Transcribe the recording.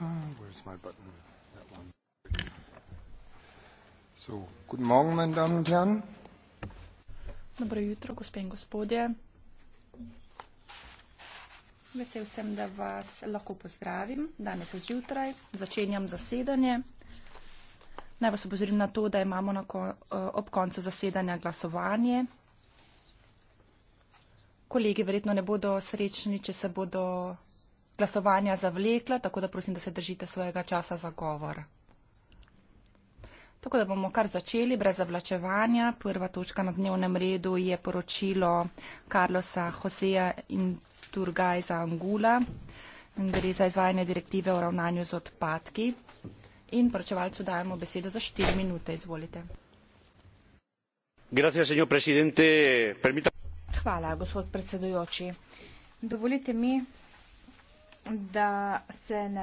Ah, where's my button? That one. So, guten Morgen, meine Damen und Herren. Dobro jutro, gospe in gospodje. Vesel sem, da vas lahko pozdravim danes zjutraj. Začenjam zasedanje. Naj vas obozorim na to, da imamo na ko, eh, ob koncu zasedanja glasovanje. Kolegi verjetno ne bodo srečni, če se bodo glasovanja zavlekla, tako da prosim, da se držite svojega časa za govor. Tako da bomo kar začeli brez zavlačevanja. Prva točka na dnevnem redu je poročilo Carlosa Joseja in Turgajza Angula. Gre za izvajanje direktive o ravnanju z odpadki. In poročevalcu dajemo besedo za 4 minute. Izvolite. Hvala, gospod predsedujoči. Dovolite mi, da se ne.